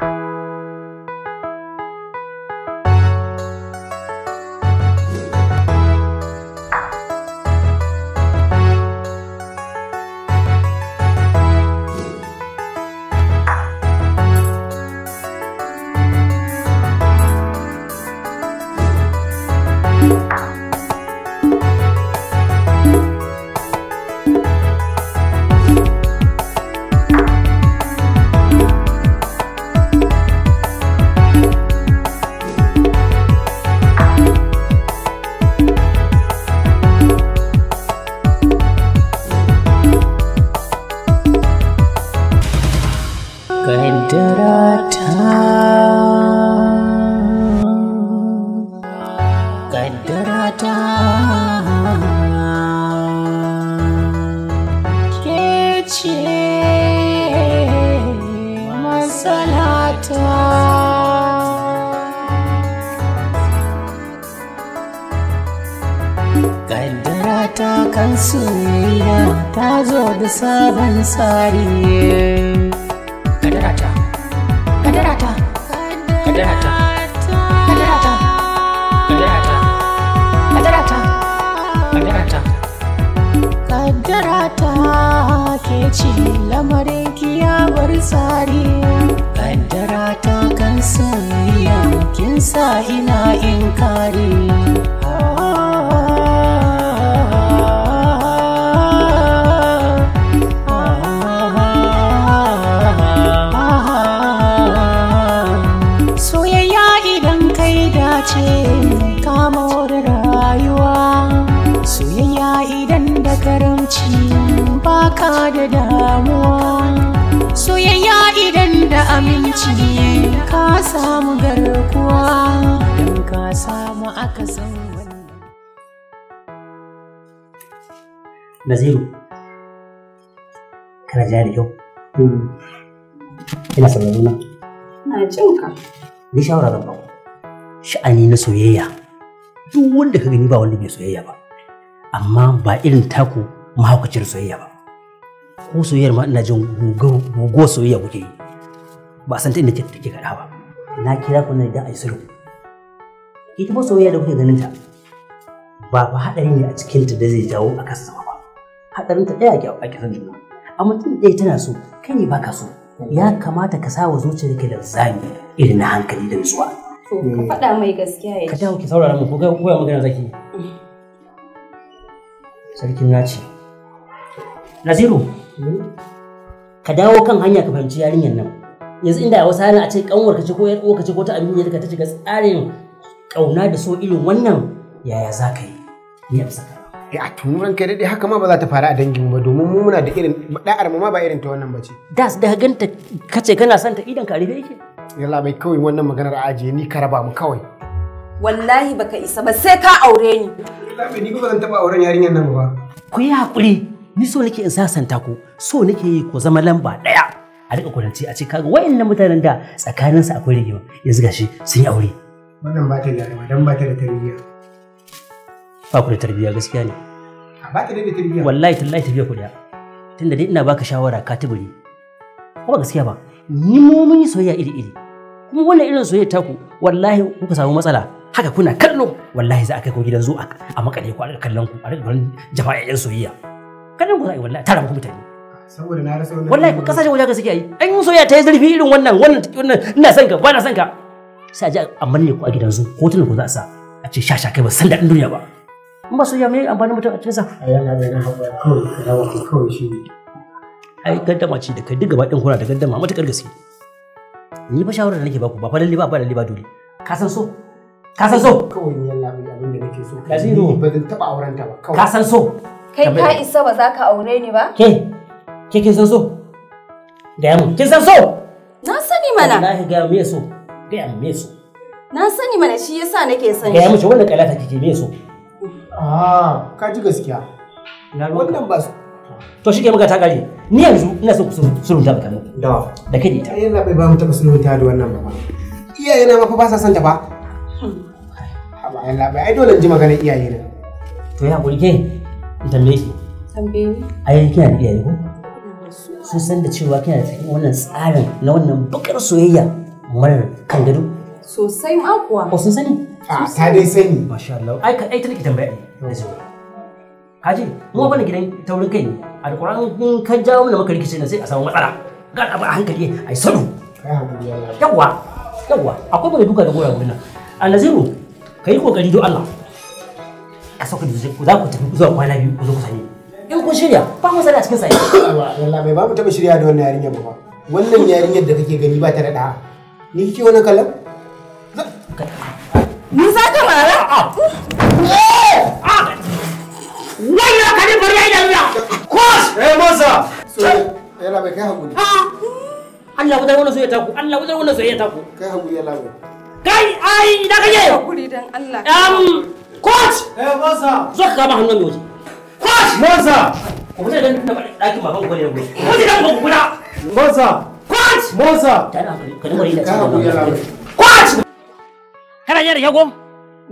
Bye. basira ta zo bi sabon tsari kadarata kadarata kadarata kadarata kadarata kadarata kadarata kadarata ke ce lamarin kiyabar tsari kadarata kan soyayya kin sa ina in kare alaka da damuwa soyayya idan da aminci ka samu garkuwa don ka samu naziru kana jaya da kyau hmm. ina sauraro na na jin ka ni shawara zan ba sha'ani na soyayya duk wanda ka gani ba wanda bai soyayya ba amma ba irin taku mahaukacin soyayya ba ko soyayyar ma ina jin guguwar soyayya kuke yi ba san ta inda take kaɗa ba na kira ku ne don a yi sulhu ita ba soyayya da kuke ganin ta ba ba hadarin ne a cikinta da zai jawo a kasa sama ba haɗarin ta ɗaya a kisan juna amma tun ɗaya tana so kai ne baka so ya kamata ka sa wa zuciyar da linzami irin na hankali da nutsuwa ka faɗa mai gaskiya ya ka dawo ki saurara mu ko ga koya magana zaki mm. sarkin naci Naziru, Hmm? ka dawo kan hanya ka fahimci yarinyar nan yanzu inda a wasu a ce kanwar ka ce ko yarko ka ce ko ta abin ka ta ga tsarin kauna da so irin wannan yaya za ka yi ya a bisa ya eh, turan kai daidai haka ma ba za ta faru a dangin ba domin mu muna da irin da'ar mu ma ba irin ta wannan ba ce su da ganta ce kana son ta idan ka rufe yake yalla mai kawai wannan maganar ajiye ni ka raba mu kawai wallahi baka isa ba sai ka aure ni ni ba zan taɓa auren yarinyar nan ba ku yi hakuri ni so nake in sasanta ku so nake yi ku zama lamba ɗaya a riƙa kulanci a ce kaga wayannan mutanen da su akwai rigima yanzu gashi sun yi aure wannan ba ta da dan ba ta da tarbiyya ba ku da tarbiyya gaskiya ne ba ta da tarbiyya wallahi tallahi tarbiyya ku da tunda dai ina baka shawara ka tuburi ko ba gaskiya ba ni mu mun yi soyayya iri iri kuma wannan irin soyayya taku wallahi kuka samu matsala haka kuna kallo wallahi za a kai ku gidan zuwa a makare ku a rika kallon ku a riƙa jama'a yan soyayya kanin ku za a yi wallahi tara muku mutane saboda na rasa wannan wallahi kasashen wajen suke yi an yi soyayya ta yi zurfi irin wannan wannan wannan ina son ka ba na son ka sai a ji a manne ku a gidan zu hotunan ku za a sa a ce sha sha kai ba san daɗin duniya ba in ba soyayya mai amfani mutum a cikin sa a yana bai nan haɓa kawai ka dawo kawai shi ne ai gaddama ce da kai duk gaba ɗin kuna da gaddama matuƙar gaske ni fa shawarar da nake baku ba fa lalle ba ba lalle ba dole ka san so ka san so kawai ni yalla abin da nake so ka ziro ba zan taɓa auren ta ba kawai ka san so Kai ka isa ba za ka aure ni ba? Ke, ke kin san so? Gaya mu, kin san so? Na sani mana. Wallahi gaya ya so? Gaya mu ya so? Na sani mana shi yasa nake son shi. Gaya mu shi wannan kalata kike me so? Ah, ka ji gaskiya. Na Wannan ba To shi ke muka ta kare. Ni yanzu ina so ku surunta baka mun. Da. Da kai ta. Ai na bai ba mu taba surunta da wannan ba. Iyaye na ma fa ba sa son ta ba. Hmm. Haba Allah bai ai dole in ji magana iyaye na. To ya gurge tambaye ki tambaye ni ai kina da iyaye ko sun san da cewa kina da cikin wannan tsarin na wannan bakar soyayya marar kan gado sosai ma kuwa ko oh, sun sani a ta dai sani masha Allah ai ka ai ta nake tambaya na ji kaji mu ba gidan taurin kai ne alquran kun ka jawo mana maka rikici ne sai a samu matsala ga abu a hankali ai sadu yawa yawa akwai mai duka da gora gurin nan a naziru kai kokari don Allah sauka da zuciya za ku tafi zuwa kwana biyu ku zo ku sani in kun shirya ba mu sani a cikin sa'i wallahi ba mu taba shirya da wannan yarinyar ba wannan yarinyar da kake gani ba ta da da ni kike wannan kallon ni za eh! ah! ka mara wannan kadin bari ya yi kos eh, eh, kai hakuri ah! Allah wajen wannan soyayya taku Allah wajen wannan soyayya taku kai hakuri kai ai Coach! Eh, maza! Zo ka kama hannun waje. Coach! Maza! Ku idan na ɗakin baban Ku ku kuna. Maza! Coach! Maza! da Coach! Kana shago?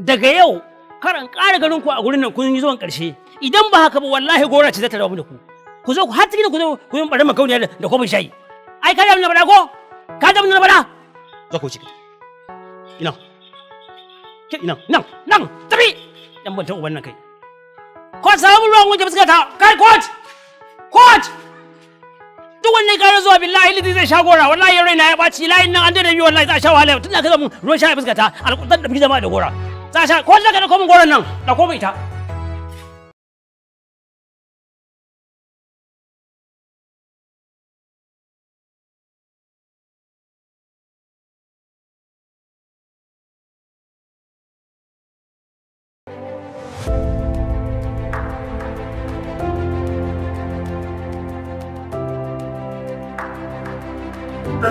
Daga yau karan ƙara ganin ku a gurin nan kun yi zuwan ƙarshe. Idan ba haka ba wallahi gora ce za ta rabu da ku. Ku zo ku har cikin ku zo ku yi ɓarin makauniya da kofin shayi. Ai ka da na bada ko? Ka da na bada? Zo ku ciki. Ina. kiɗi nan nan nan tabi dan ban ta uban nan kai ko samu ruwan wanke fuskar ta kai kot kot. duk wanda ya zuwa billahi lidi zai sha gora wallahi ya raina ya baci layi nan an da biyu wallahi za a sha wahala tun da ka zama ruwan sha fuskar ta alƙudan da fi jama'a da gora za a sha ko da ka da komin goran nan da komai ta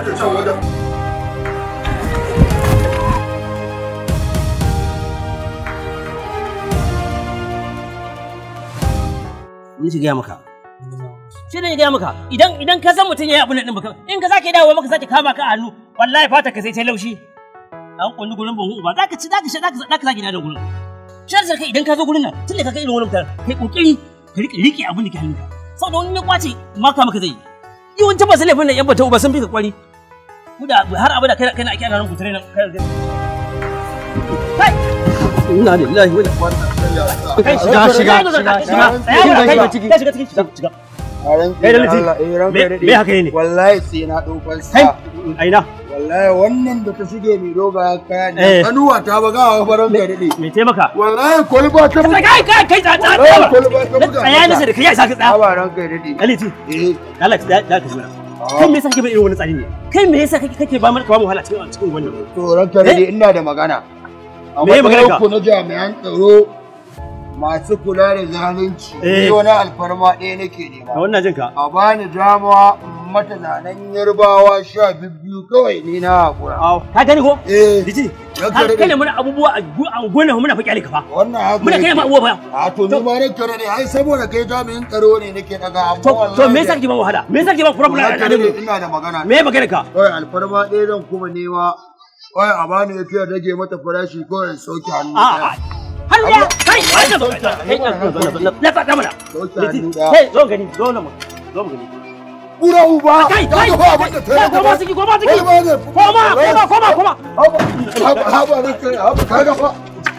ta can wajen gaya maka shi ne gaya maka idan idan ka san mutum yayi abin nan baka in ka sake dawo maka sake kama ka a hannu wallahi fata ka sai ta laushi an kunni gurin ban uba zaka ci zaka sha zaka zaka sake dawo gurin shi da kai idan ka zo gurin nan tunda ka ga irin wannan mutar kai kokiri ka rike rike abin da ke hannunka saboda wani ne kwace maka maka zai yi yawanci ba su laifin da yan bata uba sun fi ka kwari ku da har abada kai kai na ake nan ku nan kai kai ina lillahi wa inna kai shiga shiga shiga shiga shiga ciki shiga ciki shiga shiga kai da eh, me haka ne wallahi sai na daukan sa aina wallahi wannan da ta shige mai roba kaya ne eh. kanuwa ta ba ga da me taimaka wallahi kolba ta buga kai kai kai ta ta kolba ta buga tsaya ne sai kai ya saka tsaya kai dade aliti eh Allah ta kai me yasa kake bin irin wani tsari ne kai me yasa kake kake ba mu kama wahala cikin cikin wannan to ranka ina da magana Me a matsayin ku na jami'an tsaro masu kula da zalunci eh. ni wani alfarma ɗaya nake nema a wannan jinka a bani dama mata zanen yarbawa sha biyu kawai ni na hakura ka gani ko eh ka kane muna abubuwa a gonar muna fa kyale ka fa wannan haka muna kane ma abubuwa fa a to ni ma ne kare ne ai saboda kai jami'in tsaro ne nake daga abubuwa to me yasa kike ba wahala me yasa kike ba problem ina da magana me magana ka kawai alfarma ɗaya zan kuma nema kawai a bani ya fiye rage mata farashi kawai sauke hannu ɗaya har da kai kai da na faɗa mana kai zo gani zo na mu zo gani uba! Kai, kai!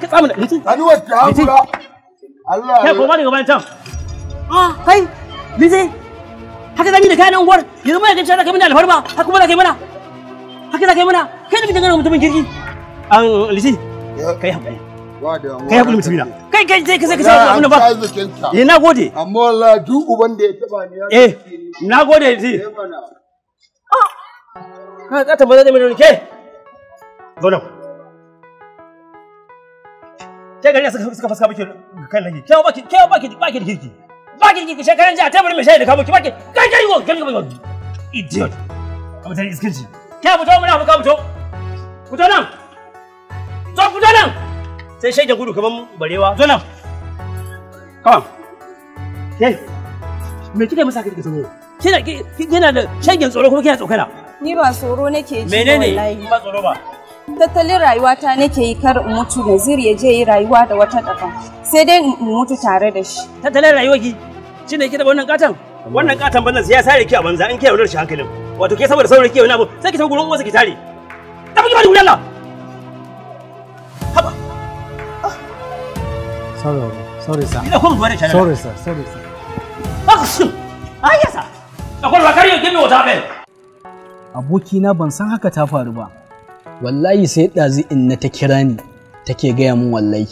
ka Ka Allah can! Ah, kai! Haka da yanzu mai da kai alfarma, haka kuma da kai mana! Haka da kai mana! Kai da kai mana mutumin kirki! An, Kai kai mutum na kai kai sai ka sai ka sai abin ba eh na gode amma wallahi duk uban da ya taba ni eh na gode ji eh, ah! ka ka tabbata da mai ke zo ke gari suka suka faska baki kai lagi ke baki ke baki baki da kirki baki da kirki shekaran jiya tabar mai shayi da kabo baki kai kai go kai go idiot amma tare iskinci ke fito mu na fito fito nan zo fito nan sai shege gudu kaman barewa zo nan kawai ke me kike masa kike tsoro kina kina da shegen tsoro kuma kina tsokana ni ba tsoro nake ji menene ba tsoro ba tattalin rayuwata nake yi kar in mutu Nazir ya je yi rayuwa da wata daban sai dai in mutu tare da shi tattalin ki shine kike da wannan katan wannan katan bannan sai ya sare ki a banza in kiyaye wannan shi hankalin wato ke saboda saboda kiyaye wani abu sai ki tafi gurin uwarsa ki tare tafi ki bani gurin Allah sorry sorry sir sorry, sorry, sorry sir sorry sir sorry, sorry, sir sorry, sorry, sorry, sorry, aboki na ban san haka ta faru ba wallahi sai ɗazi inna sorry, ta kira ni take gaya sorry, wallahi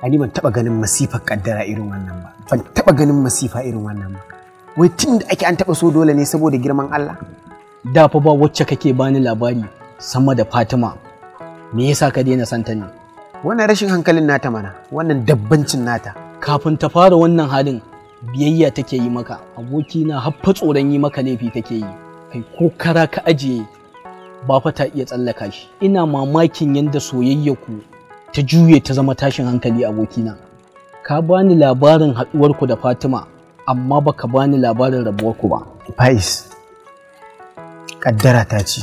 sorry, ban taɓa ganin sorry, kaddara irin wannan ba sorry, sorry, sorry, wai tun da ake an taɓa so dole ne saboda girman Allah da fa ba wacce kake bani labari sama da Fatima me yasa ka daina santa ne wannan rashin hankalin nata mana wannan dabbancin nata kafin ta fara wannan halin biyayya take yi maka aboki na haffa tsoron yi maka laifi take yi kai ko kara ka ajiye ba fa ta iya tsallaka shi ina mamakin yadda soyayya ku ta juye ta zama tashin hankali aboki na ka bani labarin haɗuwarku ku da Fatima amma baka bani labarin rabuwar ku ba Faiz kaddara ta ce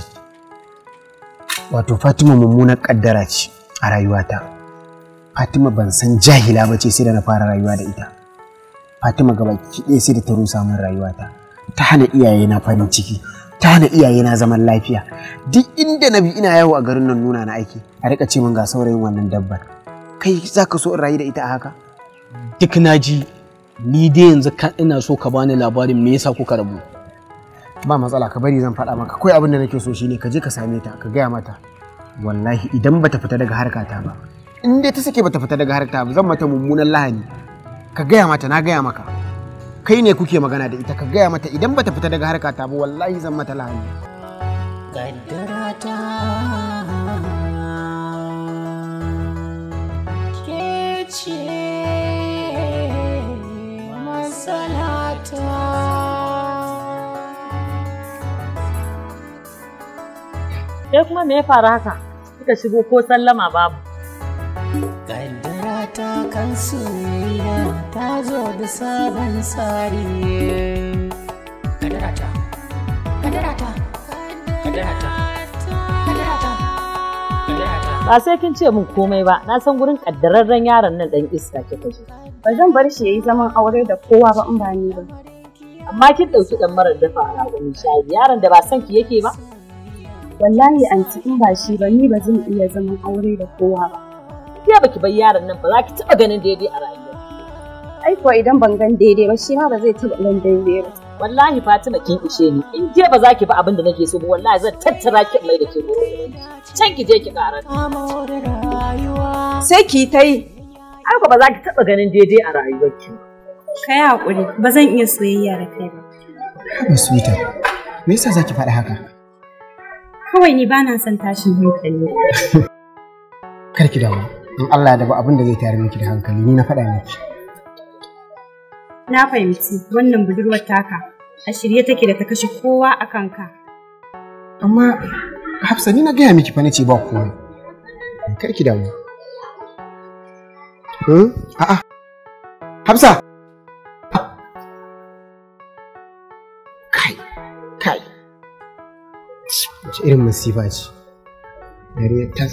wato Fatima mummunar kaddara ce a rayuwata fatima ban san jahila ba ce sai da na fara rayuwa da ita fatima gaba ɗaya sai da ta rusa min rayuwata ta hana iyaye na farin ciki ta hana iyaye na zaman lafiya duk inda na bi ina yawo a garin nan nuna na aiki a rika ce min ga saurayin wannan dabbar kai za ka so in rayu da ita a haka duk na ji ni dai yanzu kan ina so ka bani labarin me yasa kuka rabu ba matsala ka bari zan faɗa maka kawai abin da nake so shine ka je ka same ta ka gaya mata wallahi idan bata fita daga harkata ba in dai ta sake bata fita daga harkata ba zan mata mummunan lahani ka gaya mata na gaya maka kai ne kuke magana da ita ka gaya mata idan bata fita daga harkata ba wallahi zan mata lahani Sai kuma me ya faru haka? suka shigo ko sallama babu kaddara ta kan soyayya ta zo da sabon tsari kaddara ta kaddara ta kaddara ta ba sai kin ce min komai ba na san gurin kaddararren yaron nan dan iska kika kashe. ba zan bar shi ya yi zaman aure da kowa ba in ba ni ba amma kin ɗauki ɗan marar dafa a shayi yaron da ba san ki yake ba wallahi anti in ba shi ba ni ba zan iya zaman aure da kowa ba ya baki bar yaron nan ba za ki taba ganin daidai a rayuwa ai kuwa idan ban gan daidai ba shi ma ba zai taba ganin daidai ba wallahi Fatima kin ishe ni in je ba za ki ba abin da nake so ba wallahi zan tattara ki mai da ke can ki je ki ƙara sai ki ta yi haka ba za ki taba ganin daidai a rayuwar ki. kai hakuri ba zan iya soyayya da kai ba oh, Sweetie, me yasa zaki faɗi haka? kawai ni bana son tashin hankali kar ki dawo in Allah ya daba abin da zai tayar miki da hankali ni na faɗa miki na fahimci wannan budurwar taka a shirye take da ta kashe kowa a kanka amma hafsa ni na gaya miki fa nace ba komai kar ki damu hmm? a'a hafsa ci irin masifa ce ta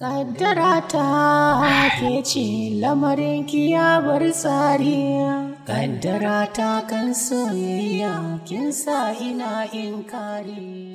Kaddara ta ke ce lamarin kiyabar bar tsari Kaddara ta kan soyayya kin sa ina inkari